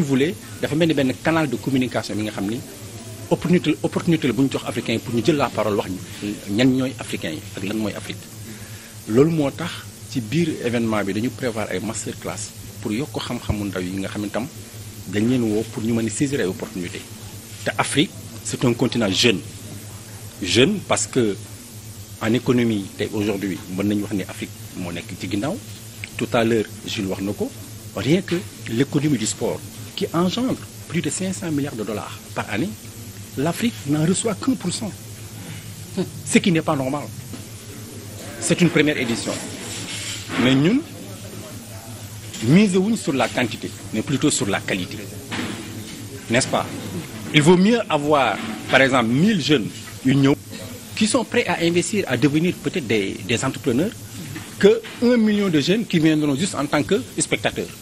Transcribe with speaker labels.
Speaker 1: vous voulez dafa mel ni benn canal de communication bi nga xam ni opportunité opportunité la bu ñu jox africains yi pour ñu jël la parole wax ñu ñan ñooy africains yi ak lan mooy Afrique loolu moo tax ci biir événement bi dañu prévoir ay master class pour yokk xam-xamu ndaw yi nga xam itam dañ leen woo pour ñu mën a saisir ay opportunité te Afrique c'est un continent jeune jeune parce que en économie tey aujourd'hui mën nañu wax ni Afrique moo nekk ci ginnaaw tout à l'heure wax na ko rien que qui engendre plus de 500 milliards de dollars par année, l'Afrique n'en reçoit qu'un pour cent, ce qui n'est pas normal. C'est une première édition mais ñun mise wuñ sur la quantité mais plutôt sur la qualité n'est-ce pas il vaut mieux avoir par exemple 1000 jeunes yu ñëw qui sont prêts à investir à devenir peut-être des des entrepreneurs que un million de jeunes qui viendront juste en tant que spectateurs